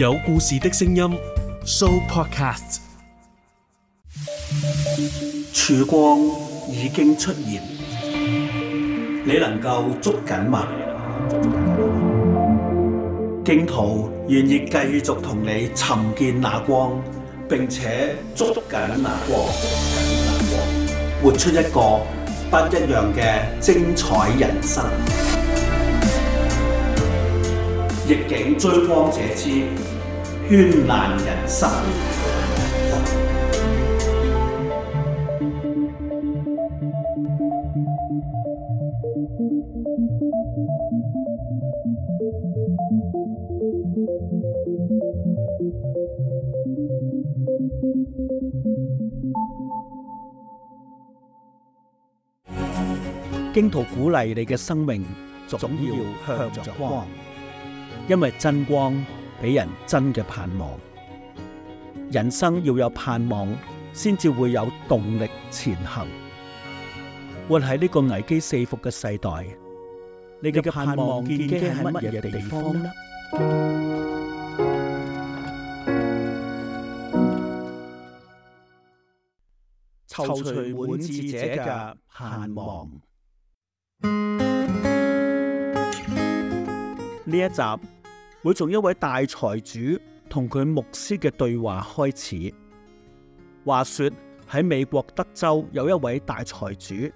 有故事的聲音，Sooopodcast。曙光已經出現，你能夠捉緊嗎？荊徒願意繼續同你尋見那光，並且捉緊那光，活出一個不一樣嘅精彩人生。逆境追光者之絢爛人生，荊徒鼓勵你嘅生命，總要向着光。因為真光俾人真嘅盼望，人生要有盼望，先至會有動力前行。活喺呢個危機四伏嘅世代，你嘅盼望建基喺乜嘢地方呢？躊躇滿志者嘅盼望。呢一集會從一位大財主同佢牧師嘅對話開始。話說喺美國德州有一位大財主，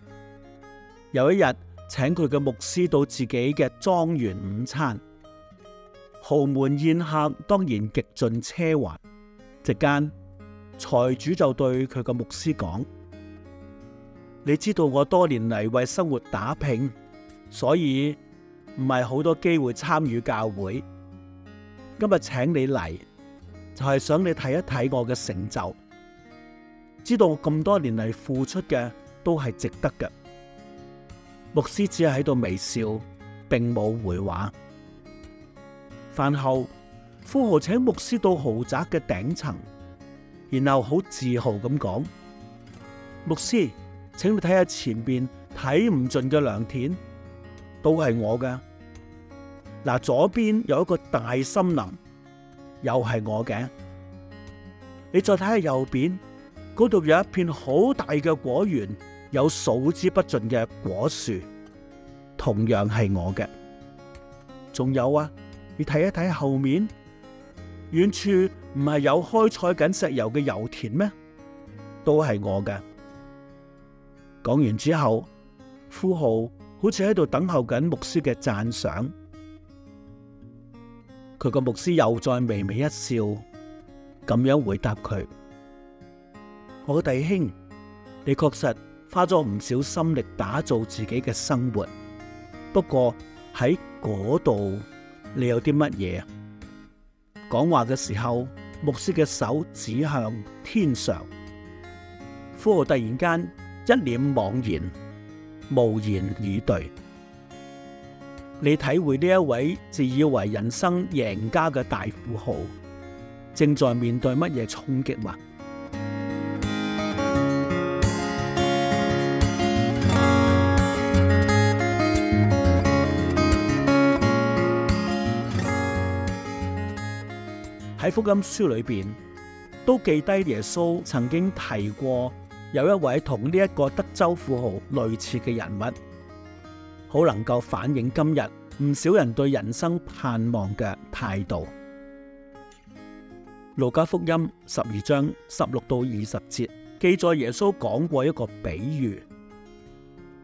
有一日請佢嘅牧師到自己嘅莊園午餐。豪門宴客當然極盡奢華。席間，財主就對佢嘅牧師講：「你知道我多年嚟為生活打拼，所以，唔係好多機會參與教會，今日請你嚟就係想你睇一睇我嘅成就，知道我咁多年嚟付出嘅都係值得嘅。牧師只係喺度微笑，並冇回話。飯後，富豪請牧師到豪宅嘅頂層，然後好自豪咁講：牧師，請你睇下前邊睇唔盡嘅良田。都係我嘅。嗱，左邊有一個大森林，又係我嘅。你再睇下右邊嗰度有一片好大嘅果園，有數之不盡嘅果樹，同樣係我嘅。仲有啊，你睇一睇後面，遠處唔係有開採緊石油嘅油田咩？都係我嘅。講完之後，呼號。好似喺度等候緊牧師嘅讚賞，佢個牧師又再微微一笑，咁樣回答佢：我弟兄，你確實花咗唔少心力打造自己嘅生活，不過喺嗰度你有啲乜嘢？講話嘅時候，牧師嘅手指向天上，呼，突然間一臉茫然。無言以對，你體會呢一位自以為人生贏家嘅大富豪，正在面對乜嘢衝擊嗎？喺福音書裏邊，都記低耶穌曾經提過。有一位同呢一個德州富豪類似嘅人物，好能夠反映今日唔少人對人生盼望嘅態度。路加福音十二章十六到二十節記載耶穌講過一個比喻，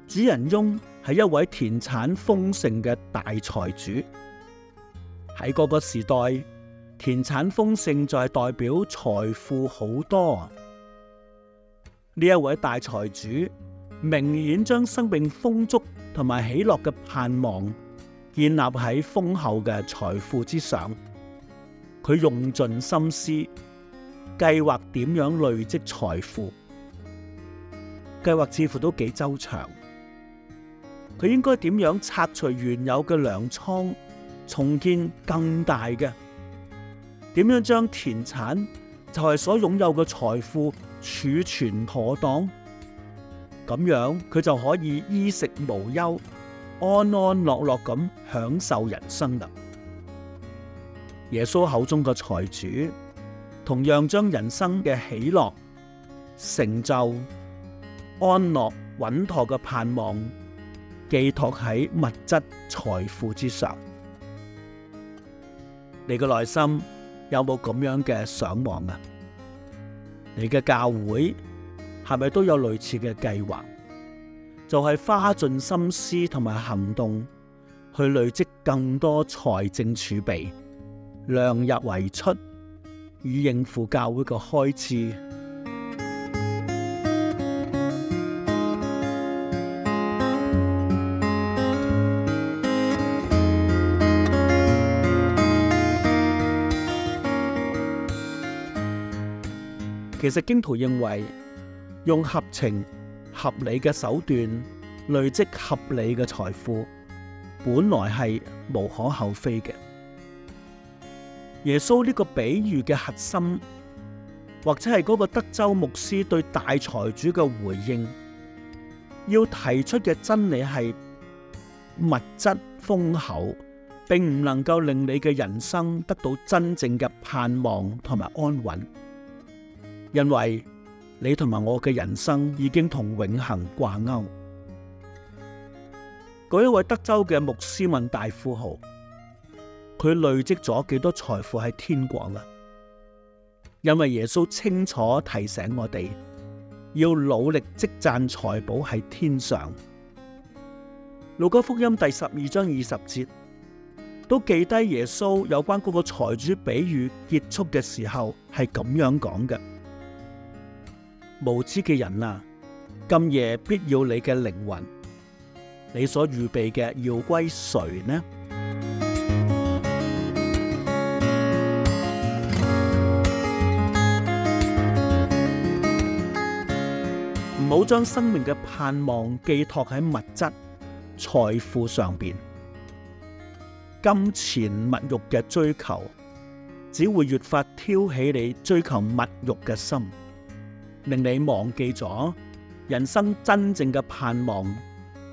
主人翁係一位田產豐盛嘅大財主。喺嗰個時代，田產豐盛就係代表財富好多。呢一位大財主，明顯將生命豐足同埋喜樂嘅盼望建立喺豐厚嘅財富之上。佢用盡心思計劃點樣累積財富，計劃似乎都幾周詳。佢應該點樣拆除原有嘅糧倉，重建更大嘅？點樣將田產？就係、是、所擁有嘅財富儲存妥當，咁樣佢就可以衣食無憂、安安樂樂咁享受人生啦。耶穌口中嘅財主，同樣將人生嘅喜樂、成就、安樂、穩妥嘅盼望，寄託喺物質財富之上。你嘅內心。有冇咁樣嘅想望啊？你嘅教會係咪都有類似嘅計劃？就係、是、花盡心思同埋行動去累積更多財政儲備，量入為出，以應付教會嘅開支。其實荊徒認為用合情合理嘅手段累積合理嘅財富，本來係無可厚非嘅。耶穌呢個比喻嘅核心，或者係嗰個德州牧師對大財主嘅回應，要提出嘅真理係物質豐厚並唔能夠令你嘅人生得到真正嘅盼望同埋安穩。因為你同埋我嘅人生已經同永恒掛鈎。嗰一位德州嘅穆斯林大富豪，佢累積咗幾多少財富喺天國啦？因為耶穌清楚提醒我哋，要努力積攢財寶喺天上。路加福音第十二章二十節，都記低耶穌有關嗰個財主比喻結束嘅時候係咁樣講嘅。無知嘅人啊，今夜必要你嘅靈魂，你所預備嘅要歸誰呢？唔好將生命嘅盼望寄託喺物質、財富上面，金錢物欲嘅追求，只會越發挑起你追求物欲嘅心。令你忘記咗人生真正嘅盼望，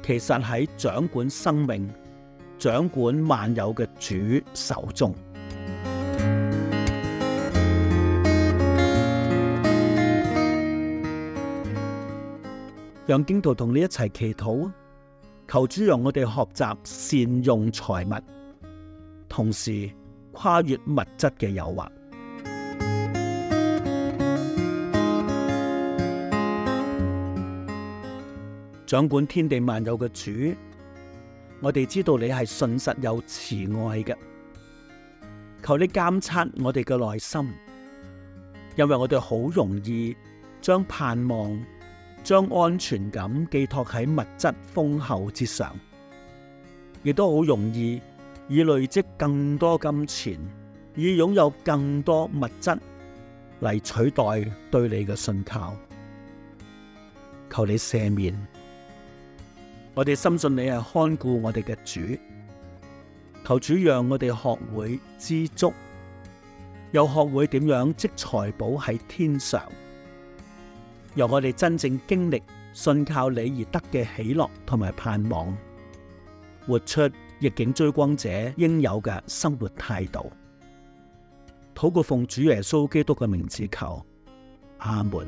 其實喺掌管生命、掌管萬有嘅主手中。讓荊徒同你一齊祈禱，求主讓我哋學習善用財物，同時跨越物質嘅誘惑。掌管天地萬有嘅主，我哋知道你係信實又慈愛嘅。求你監察我哋嘅內心，因為我哋好容易將盼望、將安全感寄託喺物質豐厚之上，亦都好容易以累積更多金錢、以擁有更多物質嚟取代對你嘅信靠。求你赦免。我哋深信你係看顧我哋嘅主，求主讓我哋學會知足，又學會點樣積財寶喺天上，讓我哋真正經歷信靠你而得嘅喜樂同埋盼望，活出逆境追光者應有嘅生活態度。禱告奉主耶穌基督嘅名字求，阿門。